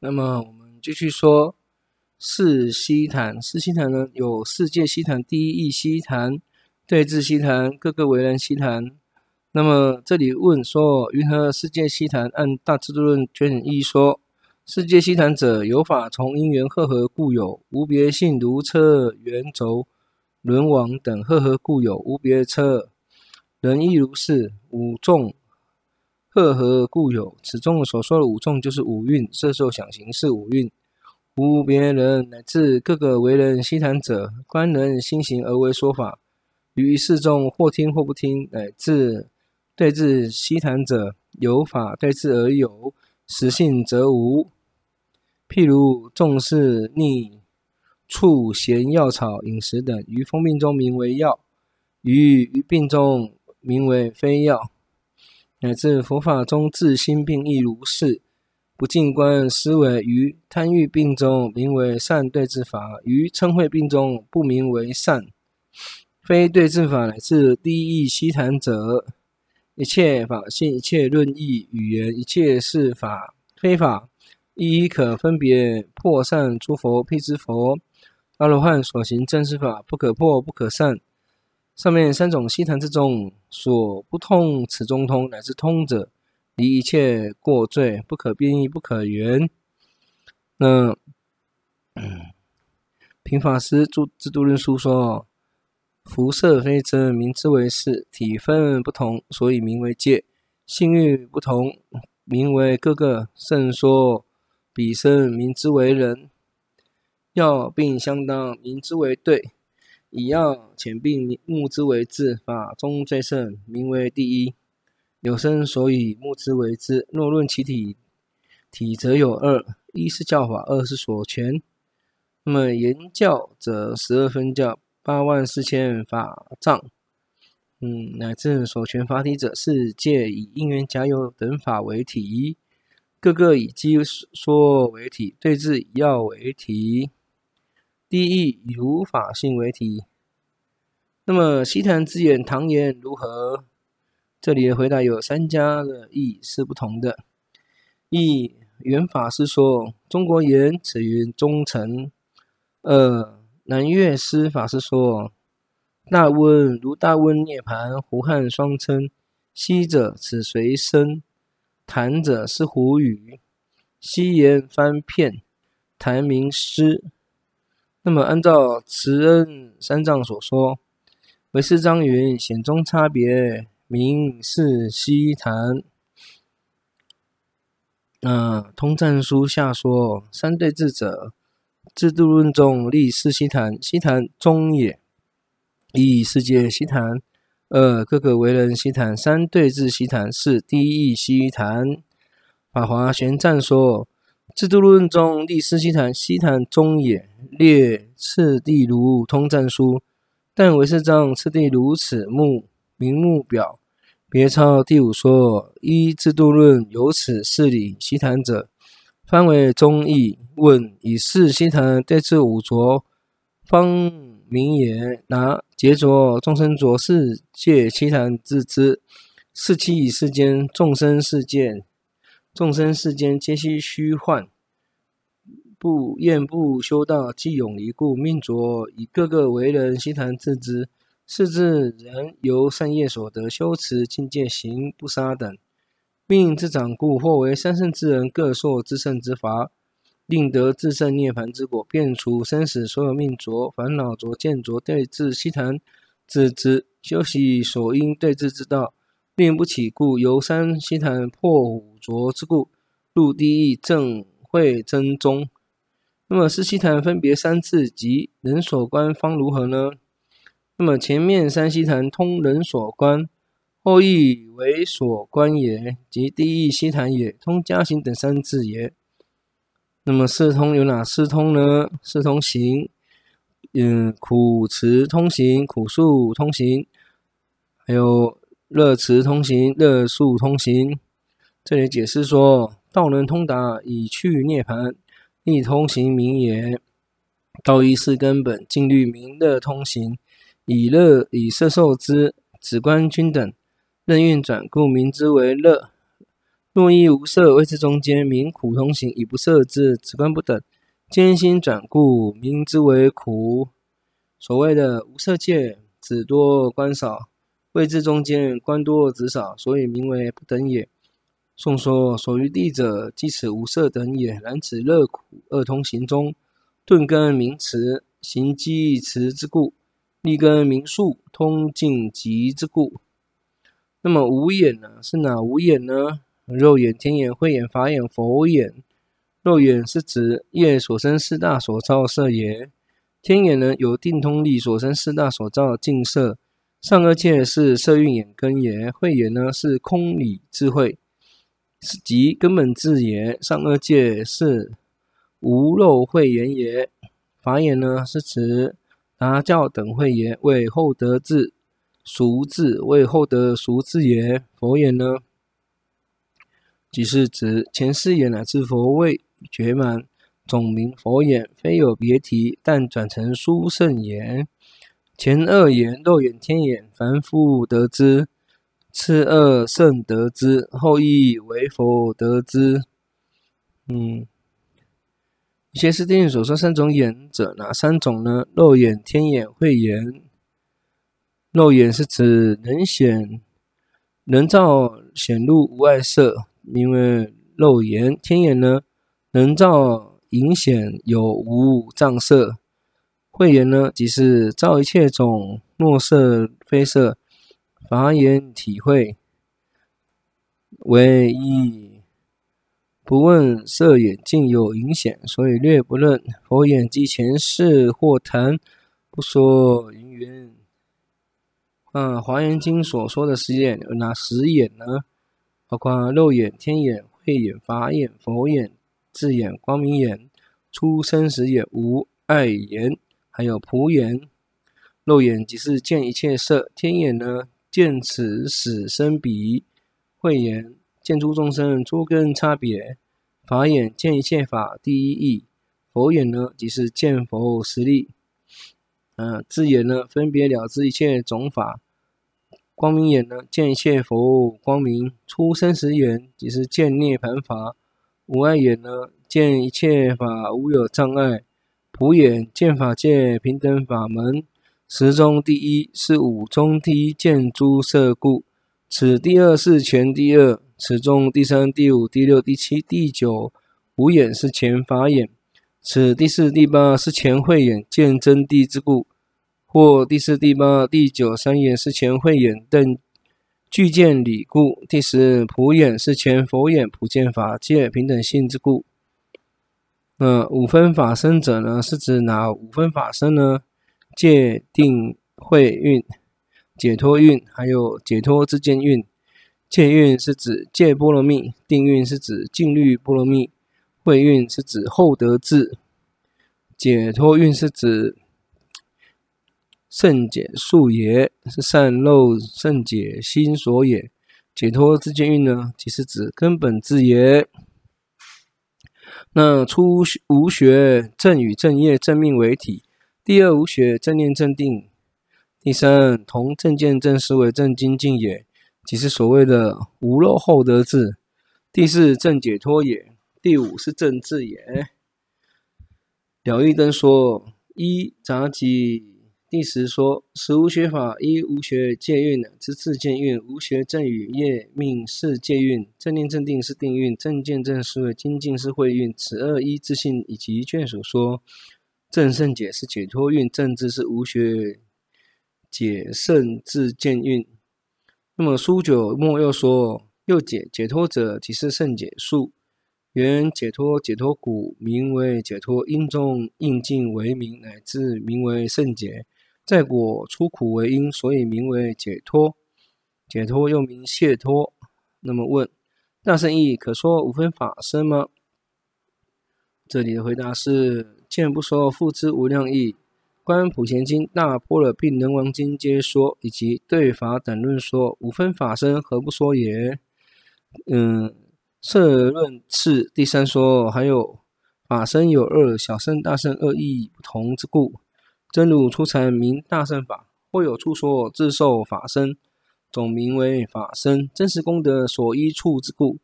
那麼我們繼續說四悉檀，四悉檀呢，有世界悉檀、第一義悉檀、對治悉檀、各各為人悉檀。那麼這裡問說，云何世界悉檀？按《大智度論》卷一說，世界悉檀者，有法從因緣和合故有，無別性如車轅軸、輪網等和合故有，無別車。人亦如是，五眾。色何故有？此中所說的五眾就是五蘊，色受想行識五蘊。無別人，乃至各各為人悉檀者，觀人心行而為說法。於事中或聽或不聽。乃至對治悉檀者有法，對治而有實性則無。譬如重是逆畜鹹藥草、飲食等，於風病中名為藥；於餘病中名為非藥。乃至佛法中自心病亦如是，不淨觀思維於貪欲病中，名為善對治法；於嗔恚病中，不名為善，非對治法。乃至第一義悉檀者，一切法性、一切論議、語言、一切是法非法，一一可分別破散諸佛、辟支佛、阿羅漢所行真實法，不可破，不可散。上面三種心坛之中，所不通此中通，乃至通者，離一切過罪，不可變異不可緣。那嗯，平法師著《制度論疏》說：輻色非真，名之為事；體分不同，所以名為界；性欲不同，名為各個。勝說彼生名之為人，藥病相當，名之為對。以藥遣病，目之為治，法中最勝，名為第一。有生所以目之為治，若論其體，體則有二：一是教法，二是所詮。那麼言教者，十二分教八萬四千法藏，嗯，乃至所詮法體者，是借以因緣假有等法為體，各個以機說為體，對治以藥為體。第一以無法性為題。那麼西壇之言，唐言如何？這裡的回答有三家的義是不同的。一，元法師說：“中國言，此雲忠誠。”二，南岳師法師說：“大溫如大溫涅槃，胡漢雙稱。西者，此隨身；談者，是胡語。西言翻片，談名師。”那麼，按照慈恩三藏所說，為是章云顯中差別名是悉檀、呃、通贊書下說，三對治者，智度論中立是悉檀，悉檀中也一世界悉檀，二各個為人悉檀，三對治悉檀，四第一義悉檀，法華玄贊說。智度論中第四悉檀，悉檀中也列次第如通贊書，但為是章次第如此目名目表別抄第五說依智度論由此四理悉檀者，方為中義問，以是悉檀對治五濁方名也拿結濁眾生濁世界悉檀自知是七以世間眾生事件。眾生世間皆悉虛幻，不厭不修道即永離故命濁。以各各為人悉檀自知，是自然由善業所得修持境界行不殺等，命之長故，或為三乘之人各受自乘之法，令得自乘涅槃之果，便除生死所有命濁、煩惱濁、見濁對治悉檀，自知休息所應對治之道。並不起故，由三悉檀破五濁之故，入第一義正會真宗。那麼四悉檀分別三次及人所觀方如何呢？那麼前面三悉檀通人所觀，後亦為所觀也，即第一義悉檀也，通家行等三次也。那麼四通有哪四通呢？四通行，嗯，苦遲通行，苦速通，通行，還有。樂遲通行，樂速通行。這裡解釋說，道能通達，以趣涅槃，亦通行名也。道依四根本，靜慮名樂通行，以樂依捨受之，止觀均等，任運轉故，名之為樂。若依無色，未至中間，名苦通行，以不捨之，止觀不等，艱辛轉故，名之為苦。所謂的無色界，止多觀少。位置中間，官多子少，所以名為不等也。宋說：所於地者，即此五色等也。然此樂苦二通行中，鈍根名遲，行遲鈍之故；利根名速，通疾速之故。那麼五眼呢？是哪五眼呢？肉眼、天眼、慧眼、法眼、佛眼。肉眼是指業所生四大所造色也。天眼呢，有定通力所生四大所造淨色。上二界是色蘊眼根也，慧眼呢，是空理智慧，即根本智也。上二界是無漏慧眼也。法眼呢，是指達教等慧眼，為後得智；俗智為後得俗智也。佛眼呢，即是指前四眼乃至佛位覺滿，總名佛眼，非有別體，但轉成殊勝眼。前二眼，肉眼、天眼，凡夫得之；次二聖得之，後亦為佛得之。嗯，一些天人所說三種眼者，哪三種呢？肉眼、天眼、慧眼。肉眼是指能顯人造顯露無礙色，名為肉眼；天眼呢，人造隱顯有無障色。慧眼呢，即是照一切種，莫色非色，法眼體會，唯一不問色眼，竟有影響，所以略不論。佛眼即前世或談，不說云云。嗯、啊，《華嚴經》所說的十眼，哪十眼呢？包括肉眼、天眼、慧眼、法眼、佛眼、智眼、光明眼、出生時眼、無礙眼。還有普眼，肉眼即是見一切色；天眼呢，見此死生彼；慧眼見諸眾生諸根差別；法眼見一切法第一義；佛眼呢，即是見佛實力；嗯、呃，智眼呢，分別了知一切種法；光明眼呢，見一切佛光明；出生時眼即是見涅槃法；無礙眼呢，見一切法無有障礙。普眼見法界平等法門，十中第一是五中第一見諸色故。此第二是前第二，此中第三、第五、第六、第七、第九，五眼是前法眼。此第四、第八是前慧眼見真諦之故，或第四、第八、第九三眼是前慧眼，但具見理故。第十普眼是前佛眼普見法界平等性之故。呃，五分法身者呢，是指哪五分法身呢？戒定慧蘊、解脫蘊，還有解脫知見蘊。戒蘊是指戒波羅蜜，定蘊是指靜慮波羅蜜，慧蘊是指後得智，解脫蘊是指勝解數也，是善漏勝解心所也。解脫知見蘊呢，即是指根本智也。那初無學正語正業正命為體，第二無學正念正定，第三同正見正思惟正精進也，即是所謂的無漏後得智，第四正解脫也，第五是正智也。了義燈說一雜集。第十說，十無學法一無學戒蘊乃至知見蘊，無學正語業命是戒蘊，正念正定是定蘊，正見正思精進是慧蘊。此二一自性以及眷屬說，正勝解是解脫蘊，正智是無學解脫知見蘊。那麼疏九末又說，又解解脫者，即是勝解數，緣解脫解脫故，名為解脫，因中應盡為名，乃至名為勝解。在果出苦為因，所以名為解脫。解脫又名謝脫。那麼問：大乘意可說五分法身嗎？這裡的回答是：見不說，復知無量意。觀普賢經、大破了病能王經皆說，以及對法等論說五分法身何不說也？嗯，攝論次第三說，還有法身有二，小乘、大乘二意不同之故。真如出纏名大聖法；或有處說自受法身，總名為法身。真實功德所依處之故，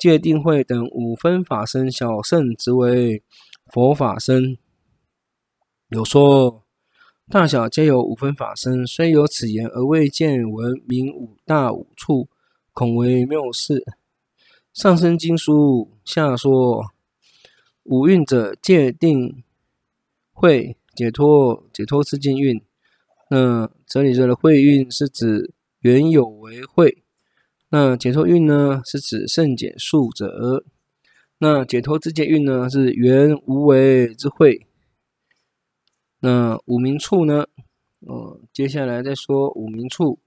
戒定慧等五分法身，小聖即為佛法身。有說大小皆有五分法身，雖有此言，而未見聞名五大五處，恐為謬事。上生經書下說五蘊者，戒定慧。解脫解脫知見蘊，那這裡說的慧蘊是指緣有為慧，那解脫蘊呢，是指勝解數者，那解脫知見蘊呢，是緣無為之慧，那五明處呢？呃，接下來再說五明處。